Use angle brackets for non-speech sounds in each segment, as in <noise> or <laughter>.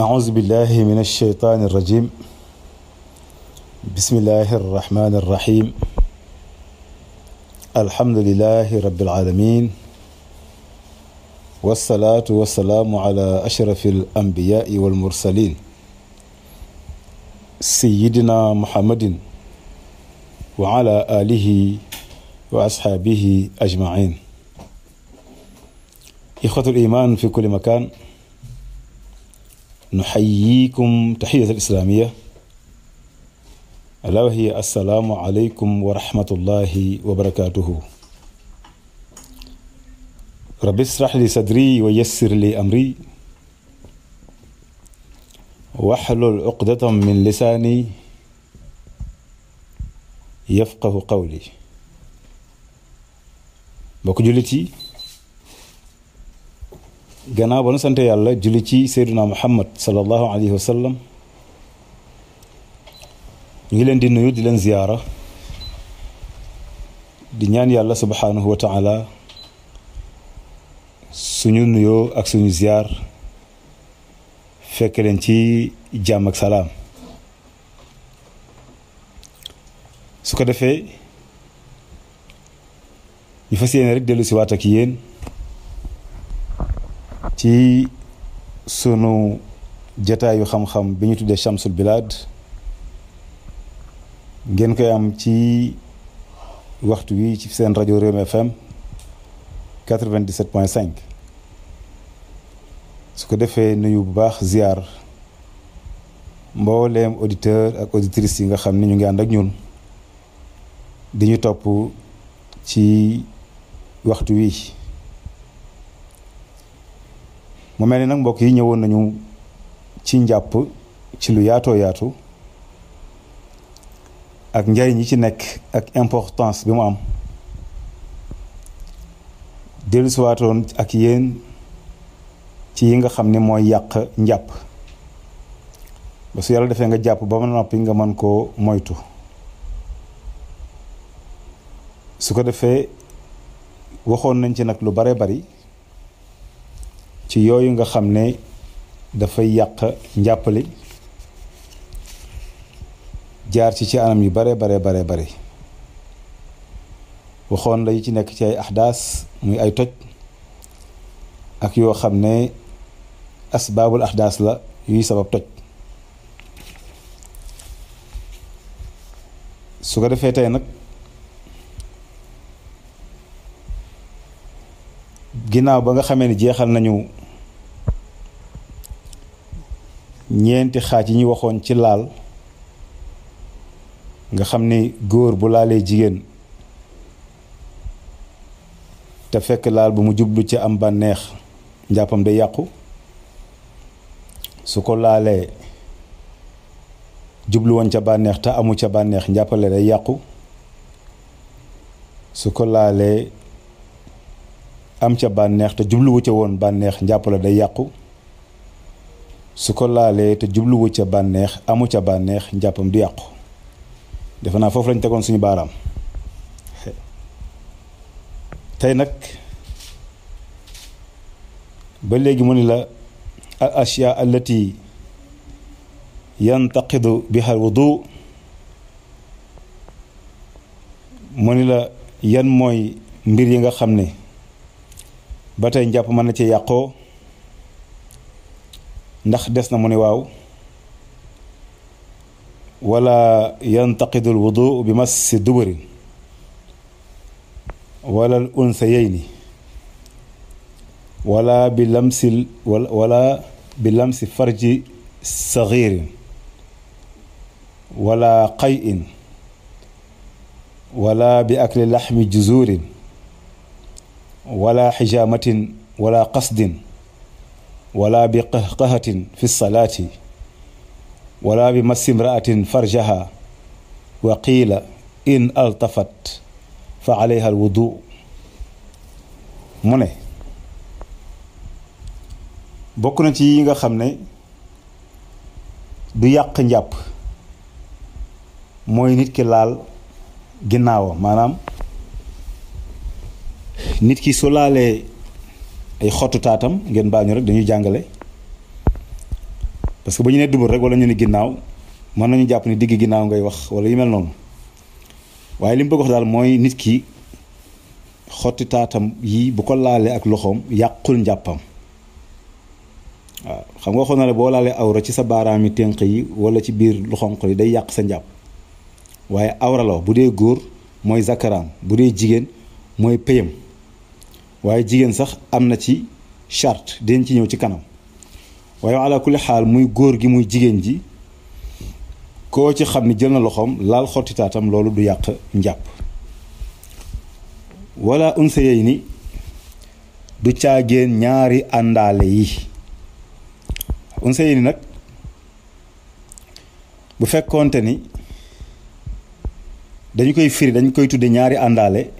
أعوذ بالله من الشيطان الرجيم بسم الله الرحمن الرحيم الحمد لله رب العالمين والصلاة والسلام على أشرف الأنبياء والمرسلين سيدنا محمد وعلى آله وأصحابه أجمعين إخوة الإيمان في كل مكان nuxayikum taxiyat alislaamiya alaa wa hiya assalaamu aleykum wa rahmatullahi wa barakaatuhu rabbi israx li sadri wa yassir li amri waxlul uqdatam min lisaani yafqahu qawli mbokk jullit yi gannaaw ba nu sant yàlla julli ci seyduna muhammad sallallahu alayhi wa sallam ñu ngi leen di nuyu di leen ziyaara di ñaan yàlla subhaanahu wa taala suñu nuyoo ak suñu ziyaar fekk leen ci jàmm ak salaam su ko defee ñu fas yéene rek dellu si waat ak yéen ci sunu jataayu xam-xam bi ñu tuddee Shamsul Bilaad ngeen koy am ci waxtu wi ci seen rajo Rewmi FM 97.5 su ko defee nuyu bu baax ziar mboolem auditeur ak auditrices yi nga xam ni ñu ngi ànd ak ñun di ñu topp ci waxtu wi mu mel ni nag mbokk yi ñëwoon nañu ci njàpp ci lu yaatoo yaatu ak njariñ yi ci nekk ak importance bi mu am dellusiwaatoon ak yéen ci yi nga xam ni mooy yàq njàpp ba su yàlla defee nga jàpp ba ma noppi nga mën koo moytu su ko defee waxoon nañ ci nag lu bare bari ci yooyu nga xam ne dafay yàq njàppali jaar ci ci anam yu bare bare bare bare waxoon layu ci nekk ci ay axdaas muy ay toj ak yoo xam ne asbaabul axdaas la yuy sabab toj su ko defee tey nag ginnaaw ba nga xamee ni jeexal nañu ñeenti xaaj yi ñu waxoon ci laal nga xam ni góor bu laalee jigéen te fekk laal bu mu jublu ci am bànneex njàppam day yàqu su ko laalee jublu woon ca bànneex ca bànneex njàppale day yàqu su ko laalee am ca bànneex te jubluwu ca woon bànneex njàppale day yàqu su ko laalee te jubluwu ca bànneex amu ca bànneex njàppam du yàqu defe naa foofu lañ tegoon suñu baaram tey nag ba léegi mu ni la al ashyaa allati yantaqidu biha al wudu mu ni la yan mooy mbir yi nga xam ne ba tey njàpp mën na ci yàqoo ndax des na mu ne waaw wala yantaqidu lwudu bi massi duburin wala al unsayayni wala bi lamsi wala bi lamsi farji sagirin wala qayin wala bi akli laxmi juzurin wala xijaamatin wala qasdin wala bi qahqahatin fi salaati wala bi massi imraatin farjaha wa qiila in altafat fa alayha alwudu mu ne bokk na ci yi nga xam ne du yàq njàpp mooy nit ki laal ginnaawam maanaam nit ki su laalee ay xottu taatam ngeen baal ñu rek dañuy jàngale parce que bu ñu nee dubur rek wala ñu ne ginnaaw mën nañu jàpp ni digg ginnaaw ngay wax wala yu mel noonu waaye lim mu bëgg daal mooy nit ki xotti taatam yi bu ko laalee ak loxoom yàqul njàppam waaw xam nga waxoon na la boo laalee awra ci sa baaraami ténq yi wala ci biir loxonq yi day yàq sa njàpp waaye awra la bu dee góor mooy zakaraam bu dee jigéen mooy pëyam waaye jigéen sax am na ci charte dinañ ci ñëw ci kanam waaye ala kulli xaal muy góor gi muy jigéen ji koo ci xam ni jël na loxoom laal xottitaatam loolu du yàq njàpp wala unsa yey ni du caageen ñaari àndaale yi unsa yey ni nag bu fekkoonte ni dañu koy firi dañu koy tuddee ñaari àndaale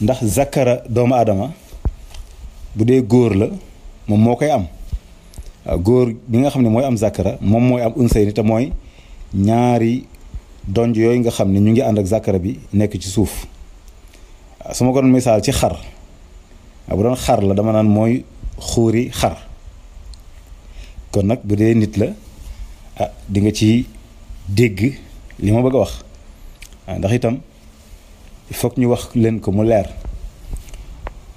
ndax zakkara doomu aadama bu dee góor la moom moo koy am waaw góor bi nga xam ne mooy am zakkara moom mooy am unsayni te mooy ñaari donj yooyu nga xam ni ñu ngi ànd ak zakkara bi nekk ci suuf su ma ko doon misaal ci xar bu doon xar la dama naan mooy xuuri xar kon nag bu dee nit la ah di nga ci dégg li ma bëgg a wax ndax itam il faut ñu wax leen ko mu leer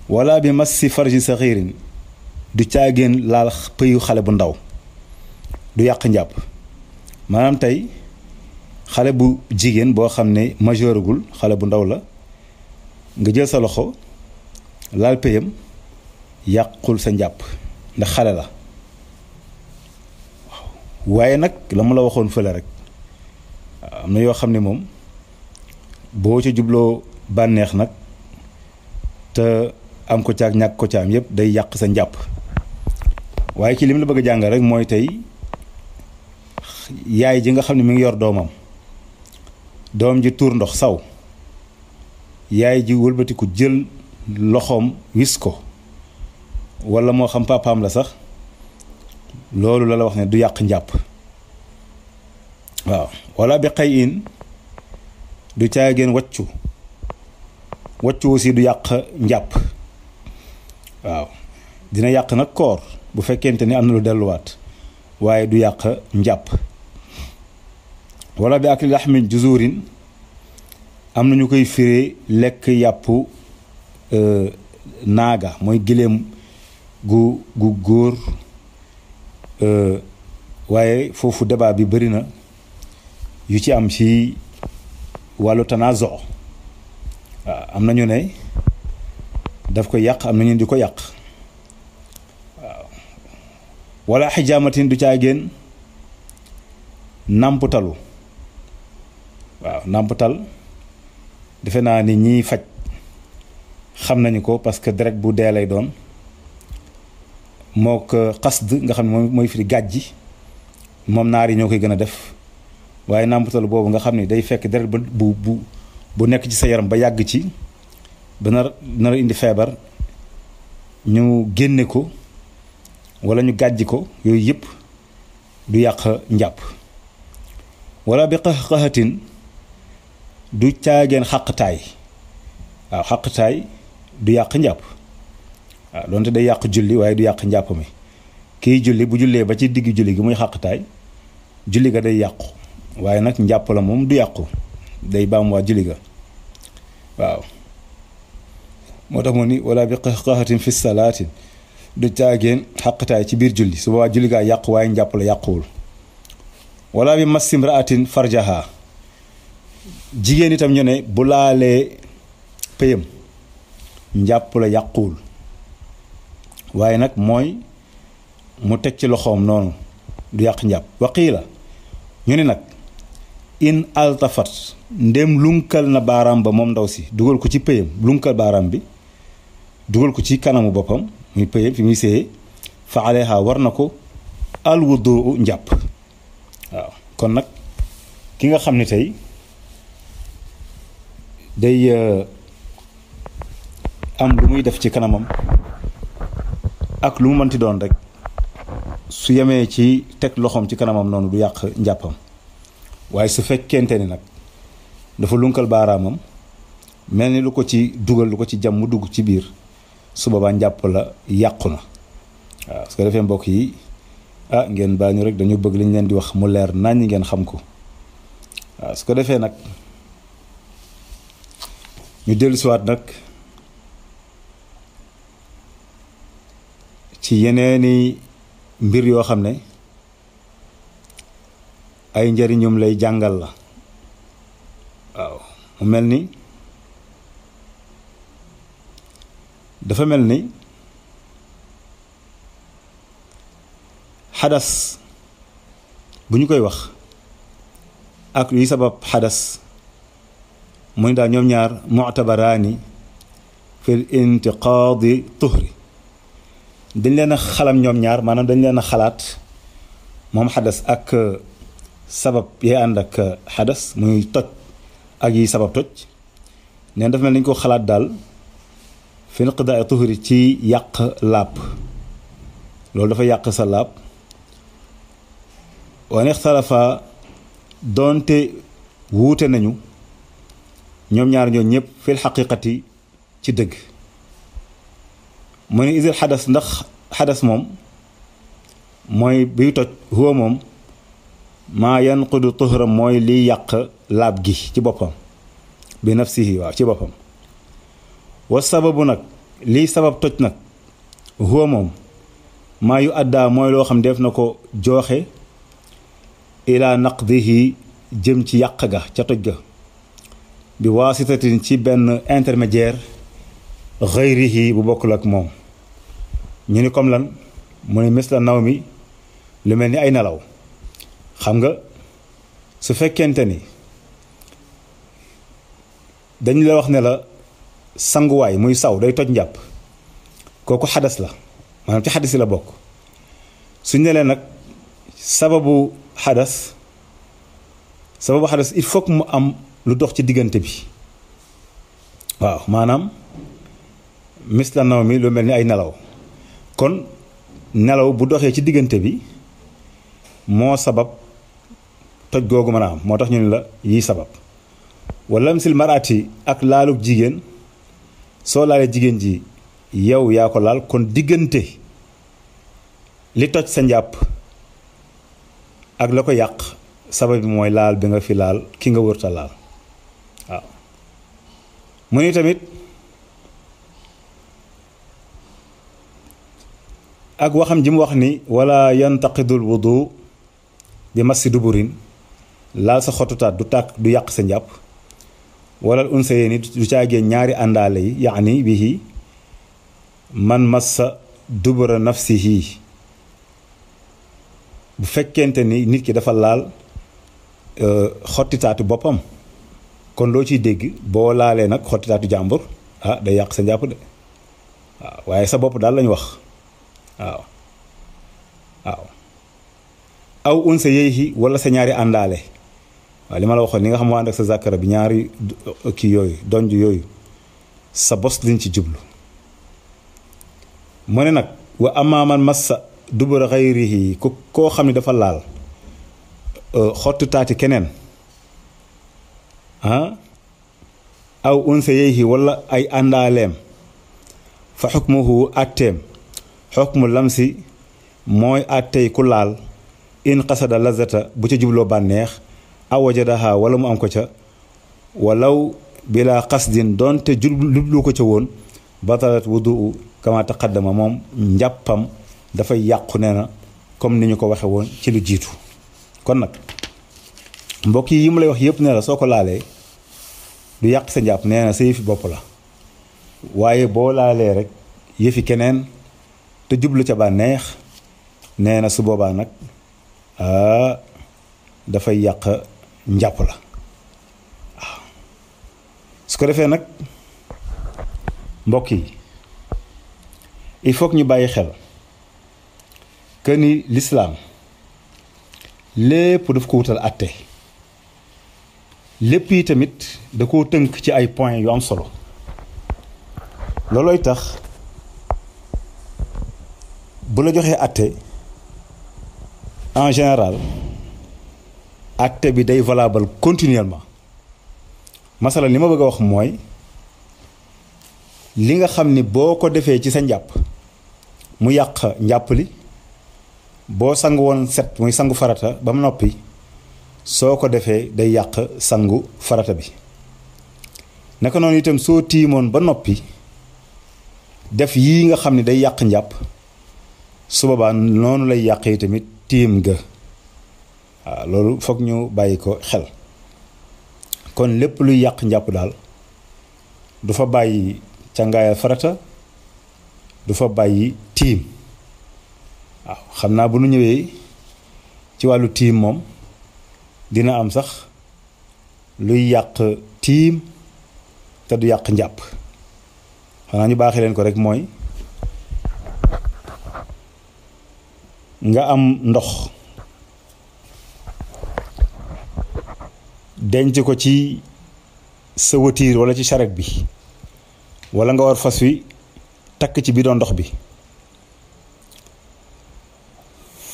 wala bi mas si sa saxiirin du caageen laal pëyu xale bu ndaw du yàq njàpp maanaam tey xale bu jigéen boo xam ne majeuragul xale bu ndaw la nga jël sa loxo laal pëyam yàqul sa njàpp ndax xale la waaye nag la mu la waxoon fële rek am na yoo xam ne moom boo ci jubloo bànneex nag te am ko caag ñàkk ko caam yëpp day yàq sa njàpp waaye ci lim la bëgg a jàngal rek mooy tey yaay ji nga xam ne mu ngi yor doomam doom ji tuur ndox saw yaay ji wëlbatiku jël loxoom wis ko walla moo xam papaam la sax loolu la la wax ne du yàq njàpp waaw walla bi xëy in du caageen waccu wàccu si du yàq njàpp waaw dina yàq nag koor bu fekkente ni am na lu delluwaat waaye du yàq njàpp wala bi ak laxmin juzurin am na ñu koy firee lekk yàpp euh, naaga mooy giléem gu gu góor euh, waaye foofu débat bi bëri na yu ci am ci wàllu tanaazo waaw ah, am na ñu ne daf ko yàq am na ñu di ko yàq waaw wala xijaamatin du caa génn nàmputalu waaw nàmputal defe naa ni ñiy faj xam nañu ko parce que deret bu dee lay doon moo ko xasd nga xam ne mooy firi gàjji moom naar yi ñoo koy gën a def waaye nàmbutal boobu nga xam ne day fekk deret ba bu bu bu nekk ci sa yaram ba yàgg ci ba nar nar indi feebar ñu génne ko wala ñu gàjji ko yooyu yëpp du yàq njàpp wala bi du caageen xaqtaay waaw du yàq njàpp waaw doonte day yàq julli waaye du yàq njàpp mi kii julli bu jullee ba ci digg julli gi muy xàqtaay julli ga day yàqu waaye nag njàpp la moom du yàqu day baamuwaat julli ga waaw moo tax mu ni wala bi qaxqaxatin fi salaatin du caageen xaqtaay ci biir julli su boobaa julli gaa yàqu waaye njàpp la yàquwul wala bi masim raatin ñu ne bu laalee pëyam yàquwul waaye nag mooy mu teg ci loxoom noonu du yàq njàpp waqii ñu ni nag in altafat ndem lunkal na baaraam ba moom ndaw si dugal ko ci pëyam lunkal baaraam bi dugal ko ci kanamu boppam muy pëyam fi muy séyee fa aleyha war na ko alwudoo njàpp waaw kon nag ki nga xam ni tey day euh, am lu muy def ci kanamam ak lu mu mënti doon rek su yemee ci teg loxoom ci kanamam noonu du yàq njàppam waaye su fekkente ni nag dafa lunkal baaraamam mel ni lu ko ci dugal lu ko ci jam mu dugg ci biir su boobaa njàpp la yàqu na waaw su ko defee mbokk yi ah ngeen baa ñu dañu bëgg lañ leen di wax mu leer naññi ngeen xam ko waa su ko defee nag ñu dellusiwaat nag ci yeneeni mbir yoo xam ne ay njariñum lay jàngal la waaw mu mel ni dafa mel ni xadas bu ñu koy wax ak luy sabab xadas mu ni daal ñoom ñaar muctabaraani fil intiqaadi tuhri dañ leen a xalam ñoom ñaar maanaam dañ leen a xalaat moom xadas ak sabab yee ànd ak euh, xadas muy toj ak yi sabab toj neen dafa nañ koo xalaat daal fi naqda ay tuhuri ci yàq làpp loolu dafa yàq sa làpp wane ixtalafa doonte wuute nañu ñoom ñaari ñoo ñëpp fil xaqiqati ci dëgg mu ne isil xadas ndax xadas moom mooy biy toj huwa moom maa yanqudu tuhra mooy liy yàq laab gi ci boppam bi nafsihi waaw ci boppam wa sababu nag liy sabab toj nag huwa moom maa yu addaa mooy loo xam def na ko jooxe ilaa naqdihi jëm ci yàq ga ca toj ga bi waasitatin ci benn intermédiaire xëyrihi bu bokkul ak moom ñu ni comme lan mu ne mis la naw mi lu mel ni ay nelaw xam nga su fekkente ni dañ la wax ne la sanguwaay muy saw day toj njàpp kooku xadas la maanaam ci xadis yi la bokk suñ ne leen nag sababu xadas sababu xadas il faut mu am lu dox ci diggante bi waaw maanaam misla naw mi lu mel ni ay nelaw kon nelaw bu doxee ci diggante bi moo sabab toj googu mën a am moo tax ñu ne la yiy sabab wala lamsil maraati ak laalub jigéen soo laalee jigéen ji yow yaa ko laal kon diggante li toj sa njàpp ak la ko yàq sabab bi mooy laal bi nga fi laal ki nga wërta laal waaw mu ni tamit ak waxam ji mu wax ni wala yantaqidul wudu bi massi duburin laal sa xotutaat du tàkk du yàq sa njàpp walal unsa yee ni du caagee ñaari àndaale yi yaani bihi man massa dubura nafsihi bu fekkente ni nit ki dafa laal euh, xottitaatu boppam kon loo ciy dégg boo laalee nag xottitaatu jàmbur ah day yàq sa njàpp de sa bopp daal lañu wax waaw waaw aw unsa wala sa ñaari àndaale waaye li ma la waxoon ni nga xam moo ànd ak sa zakara bi ñaari kii yooyu donj yooyu sa bos liñ ci jublu mu ne nag wa amaaman massa dubura xayrihi ku koo xam ne dafa laal euh, xottu taati keneen ah aw unsa yeyhi wala ay àndaaleem fa xukmuhu atteem xukmu lamsi mooy attey ku laal in xasada lazata bu ca jubloo bànneex aw wajadaha wala mu am ko ca walaw bila qasdin doonte jublu ko ca woon batalat wudu kama taqaddama moom njàppam dafay yàq nee na comme ni ñu ko waxe woon ci lu jiitu kon nag mbokk yi mu lay wax yépp nee la soo ko laalee du yàq sa njàpp nee na sa yëfi bopp la waaye boo laalee rek yëfi keneen te jublu ca bànneex nee na su boobaa nag dafay yàq njàpp la waaw su ko defee nag mbokk yi il faut ñu bàyyi xel que ni lislaam lépp daf ko wutal àtte lépp yi tamit da koo tënk ci ay point yu am solo loolooy tax bu la joxee atte en général acte bi day valable continuellement masala li ma bëgg a wax mooy li nga xam ni boo ko defee ci sa njàpp mu yàq njàpp li boo sangu woon set muy sangu farata ba mu noppi soo ko defee day yàq sangu farata bi naka noonu itam soo tiimoon ba noppi def yi nga xam ni day yàq njàpp su boobaa noonu lay yàqee tamit tiim ga waaw ah, loolu foog ñu bàyyi ko xel kon lépp luy yàq njàpp daal du fa bàyyi càngaayal farata du fa bàyyi tiim waaw ah, xam naa bu nu ñëwee ci wàllu tiim moom dina am sax luy yàq tiim te du yàq njàpp xanaa ñu baaxee leen ko rek mooy nga am ndox denc ko ci sa watiir wala ci charrette bi wala nga war fas wi takk ci bidon ndox bi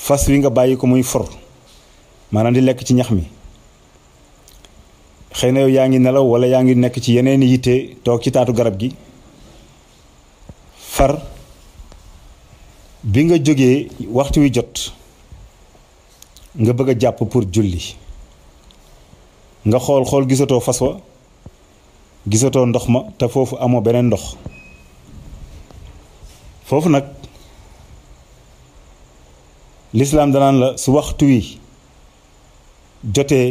fas wi nga bàyyi ko muy for maanaam di lekk ci ñax mi xëy na yow yaa ngi nelaw wala yaa ngi nekk ci yeneen yitte toog ci taatu garab gi far bi nga jógee waxtu wi jot nga bëgg a jàpp pour julli nga xool xool gisatoo fas wa gisatoo ndox ma te foofu amoo beneen ndox foofu nag lislaam danaan la su waxtu wi jotee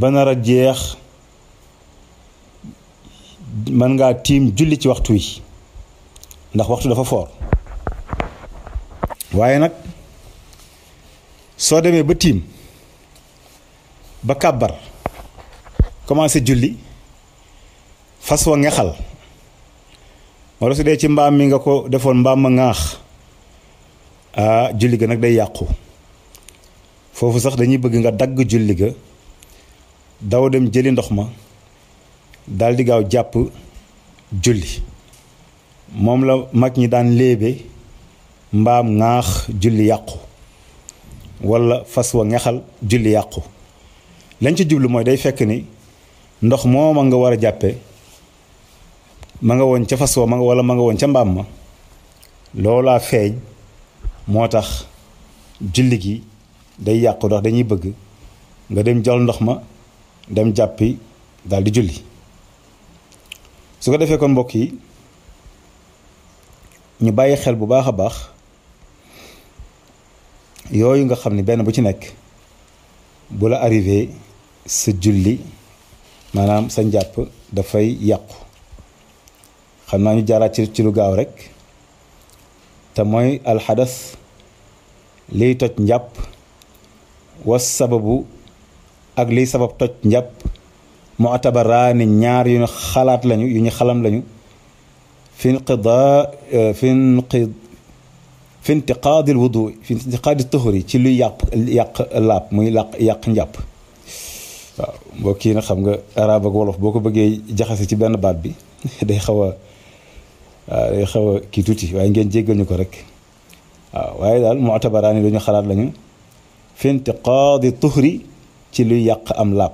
ba nar a jeex mën ngaa tiim julli ci waxtu wi ndax waxtu dafa foor waaye nag soo demee ba tiim ba kàbbar commencé julli fas wa ngexal wala su dee ci mbaam mi nga ko defoon mbaam ma ngaax ah julli ga nag day yàqu foofu sax dañuy bëgg nga dagg julli ga daw dem jëli ndox ma daldi gaaw jàpp julli moom la mag ñi daan léebe mbaam ŋaax julli yàqu walla fas wa ngexal julli yàqu lañ ca jublu mooy day fekk ni ndox mooma nga war a jàppe ma nga woon ca fas wa ma nga wala ma nga woon ca mbaam ma loolaa feeñ moo tax julli gi day yàqu ndax dañuy bëgg nga dem jël ndox ma dem jàppi daal di julli su ko defee kon mbokk yi ñu bàyyi xel bu baax a baax yooyu nga xam ni benn bu ci nekk bu la arrivé sa julli maanaam sa njàpp dafay yàqu xam naa ñu jaaraat ci ci lu gaaw rek te mooy alxadas liy toj njàpp was sababu ak liy sabab toj njàpp mu atabaraa ni ñaar yu ñu xalaat lañu yu ñu xalam lañu fi inqidaa fi inqid fi intiqaadi alwudu fi ci lu yàq yàq laab muy làq yàq njàpp waaw mbokk yi nag xam nga arab ak wolof boo ko bëggee jaxase ci benn baat bi <laughs> day xaw a xaw a kii tuuti waaye ngeen jéggal ñu ko rek waaw waaye daal mu'tabaraani dañu xalaat lañu fi intiqaadi ci luy yàq am laab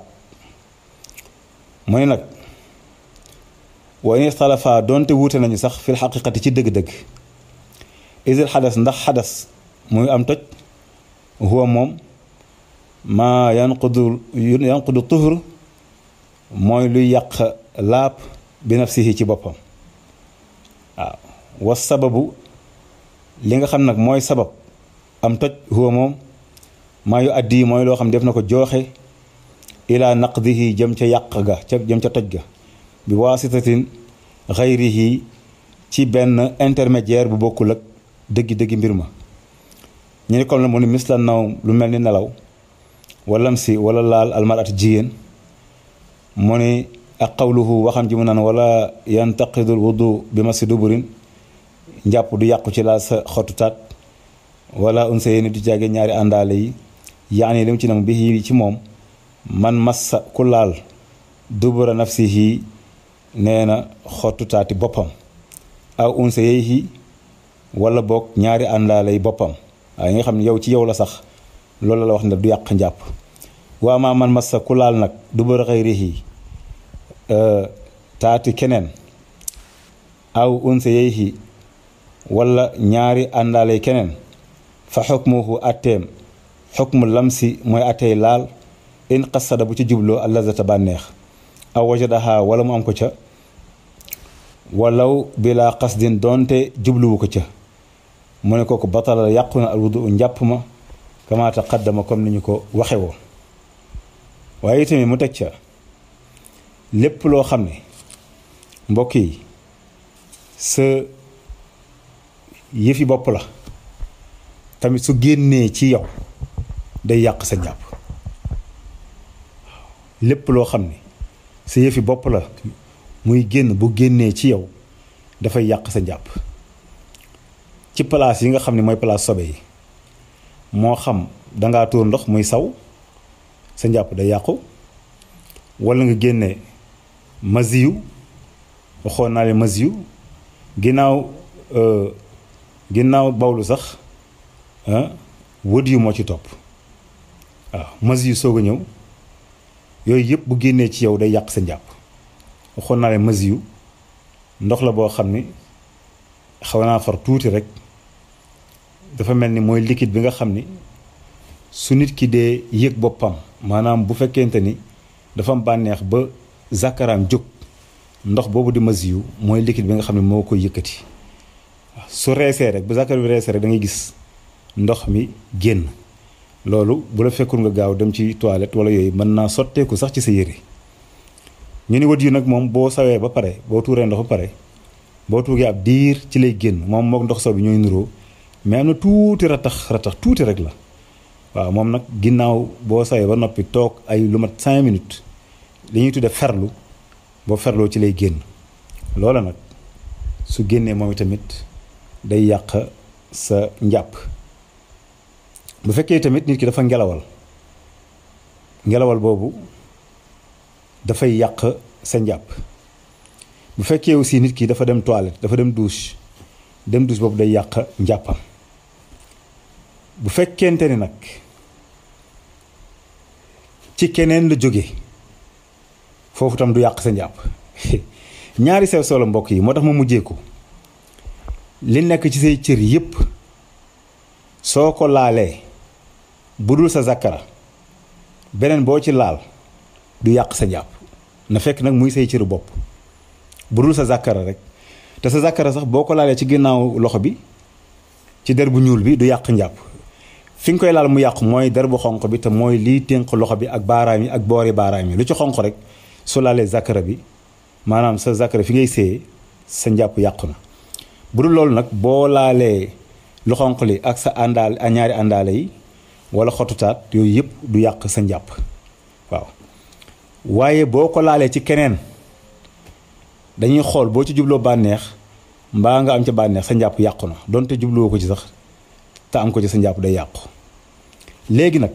mu ne nag wayn ixtalafa doonte wuute nañu sax fil xaqiqati ci dëgg-dëgg isil xadas ndax xadas muy am toj huwa moom maa yanqudu yanqudu tuhur mooy luy yàq laab bi nafsihi ci boppam waaw was sababu li nga xam nag mooy sabab am toj huwa moom maa yu addi mooy loo xam def na ko jooxe ilaa naqdihi jëm ca yàq ga ca jëm ca toj ga bi waasitatin xayrihi ci benn intermédiaire bu bokkul ak dëggi dëggi mbir ma ñu ne comme la mu ne mislan naw lu mel ni nelaw walam si wala laal almarati jigéen mu ni ak xawluhu waxam ji mu naan wala yantaqidul wudu bi masi duburin njàpp du yàqu ci laal xottu taat wala unsa yéeni du jàgge ñaari àndaale yi yaani li mu ci nam bi ci moom man massa ku laal dubura nafsihi nee na xottu taati boppam aw unsa yeyhi wala boog ñaari àndaale yi boppam waaye nga xam ne yow ci yow la sax loolu la wax ne du yàq njàpp waa maa man massa ku laal nag du ba raxay réex euh, taati keneen aw unsa yeyhi wala ñaari àndaale keneen fa xukmuhu atteem xukmu lamsi mooy attey laal in xasada bu ci jubloo allazata bànneex aw wajadaha wala mu am ko ca walaw bila xasdin donte jubluwu ko ca mu ne kooku batala yàqu na njàpp ma kama taqaddama comme ni ñu ko waxe woo waaye itamit mu teg ca lépp loo xam ne mbokk yi sa yëfi bopp la tamit su génnee ci yow day yàq sa njàpp lépp loo xam ne sa yëfi bopp la muy génn bu génnee ci yow dafay yàq sa njàpp ci palaas yi nga xam ne mooy palaas sobe yi moo xam dangaa tuur ndox muy saw sa njàpp day yàqu wala nga génne masiyu waxoon naa leen masiyu ginnaaw euh, ginnaaw bawlu sax euh, wët yu moo ci topp waaw masiyu soog a ñëw yooyu yëpp bu génnee ci yow day yàq sa njàpp waxoon naa leen masiyu ndox la boo xam ni xaw naa far tuuti rek dafa mel ni mooy liquide bi nga xam ni su nit ki dee yëg boppam maanaam bu fekkente ni dafa am bànneex ba zakaraam jóg ndox boobu di masiyu mooy liquide bi nga xam ne moo koy yëkkati su reesee rek bu zakar bi reesee rek da gis ndox mi génn loolu bu la fekkul nga gaaw dem ci toilette wala yooyu mën naa sotteeku sax ci sa yére ñu ni wat yu nag moom boo sawee ba pare boo tuuree ndox ba pare boo tuugee ab diir ci lay génn moom moo ndox saw bi ñooy nuroo mais am na tuuti ratax ratax tuuti rek la waaw moom nag ginnaaw boo sayee ba noppi toog ay lu mat minutes li ñuy tudde ferlu boo ferloo ci lay génn loola nag su génnee moom tamit day yàq sa njàpp bu fekkee tamit nit ki dafa ngelawal ngelawal boobu dafay yàq sa njàpp bu fekkee aussi nit ki dafa dem toilette dafa dem douche dem douche boobu day yàq njàppam bu fekkente ni nag ci keneen la jóge foofu tam du yàq sa njàpp <laughs> ñaari sew solo mbokk yi moo tax ma mujjee ko li nekk ci say cër yépp soo ko laalee bu dul sa zakkara beneen boo ci laal du yàq sa njàpp na fekk nag muy say cëru bopp bu dul sa zakkara rek te sa zakkara sax boo ko laalee ci ginnaaw loxo bi ci der bu ñuul bi du yàq njàpp fi nga koy laal mu yàqu mooy der bu xonq bi te mooy lii ténq loxo bi ak baaraam yi ak boori baaraam yi lu ci xonq rek su laalee zakara bi maanaam sa zakara fi ngay seeyee sa njàpp yàqu na bu loolu nag boo laalee lu xonq li ak sa àndaal a ñaari àndaale yi wala xotutaat yooyu yëpp du yàq sa njàpp waaw waaye boo ko laalee ci keneen dañuy xool boo ci jubloo bànneex mbaa nga am ca bànneex sa njàpp yàqu na donte jubloo ko ci sax te am ko ci sa njàpp day yàqu léegi nag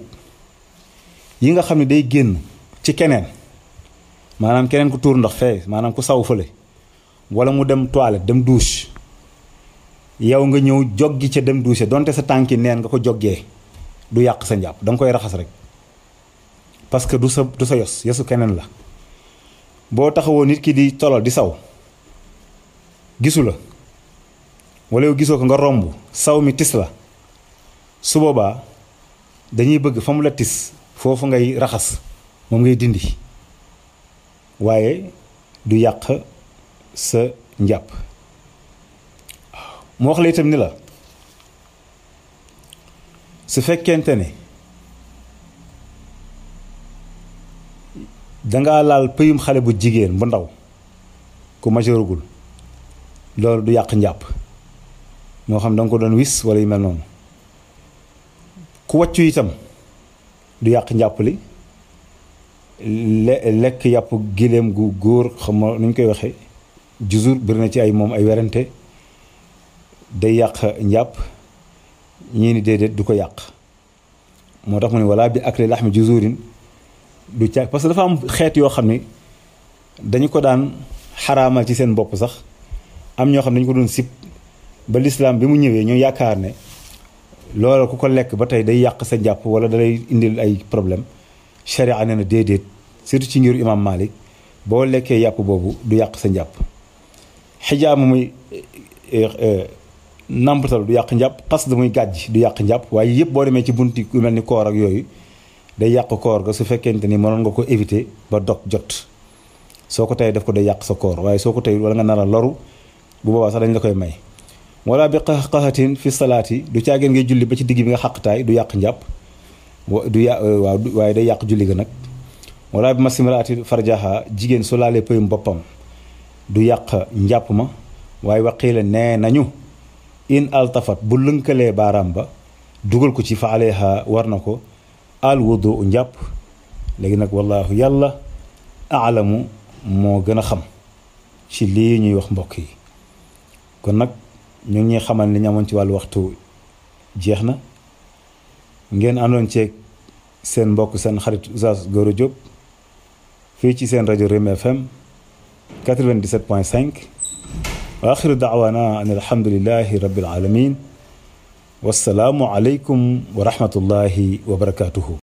yi nga xam ne day génn ci keneen maanaam keneen ku tuur ndox fee maanaam ku saw fële wala mu dem toilette dem douche yow nga ñëw joggi ca dem douche donte sa tànki neen nga ko joggee du yàq sa njàpp danga koy raxas rek parce que du sa du sa yos yosu keneen la boo taxawoo nit ki di tolol di saw gisu la walla yow gisoo ko nga romb saw mi tis la su boobaa dañuy bëgg fa mu la tis foofu ngay raxas moom ngay dindi waaye du yàq sa njàpp mu wax la itam ni la su fekkente ne dangaa laal pëyum xale bu jigéen bu ndaw ku majeuragul loolu du yàq njàpp moo xam danga ko doon wis wala yu mel noonu ku wàccu itam du yàq njàpp li le lekk yàpp giléem gu góor xam nu koy waxee jusur bëri na ci ay moom ay werante day yàq njàpp ñii ni déedéet du ko yàq moo tax mu ne wala bi akli laxmi jusurin du caag parce que dafa am xeet yoo xam ne dañu ko daan xaraamal ci seen bopp sax am ñoo xam ne dañu ko doon sib ba lislaam bi mu ñëwee ñu yaakaar ne loola ku ko lekk ba tey day yàq sa njàpp wala dalay indil ay problème sharia nee na déedéet surtout ci ngiru imam malik boo lekkee yàpp boobu du yàq sa njàpp xijaama muy eh, eh, nàmpatal du yàq njàpp xas da muy gàjj du yàq njàpp waaye yëpp boo demee ci bunt ku mel ni koor ak yooyu day yàq koor ga su fekkente ni mënoon nga ko éviter ba dog jot soo ko tey def ko day yàq sa koor waaye soo ko tey wala nga nar a loru bu boobaa sax dañ la koy may wala bi qaxqaxatin fi salaati du caageen ngay julli ba ci digg bi nga xaqtaay du yàq njàpp du euh, waaw waaye day yàq julli ga nag wala bi masimraati farjaha jigéen su laalee pëyum du yàq njàpp ma waaye waqiila nee nañu in altafat bu lënkalee baaraam ba dugal ko ci fa aleha war na ko al wudu njàpp léegi nag wallaahu yàlla aalamu moo gën a xam ci lii ñuy wax mbokk yi ñu ngi ñuy xamal ni ñu amoon ci wàllu waxtu jeex na ngeen àndoon ceeg seen mbokk seen xarit Oustaz Gora Diop fii ci seen rajo Rewmi FM 97.5 wa axiru daawaana an alhamdulilahi rabbil alamin wassalaamu aleykum wa rahmatullahi wa barakatuhu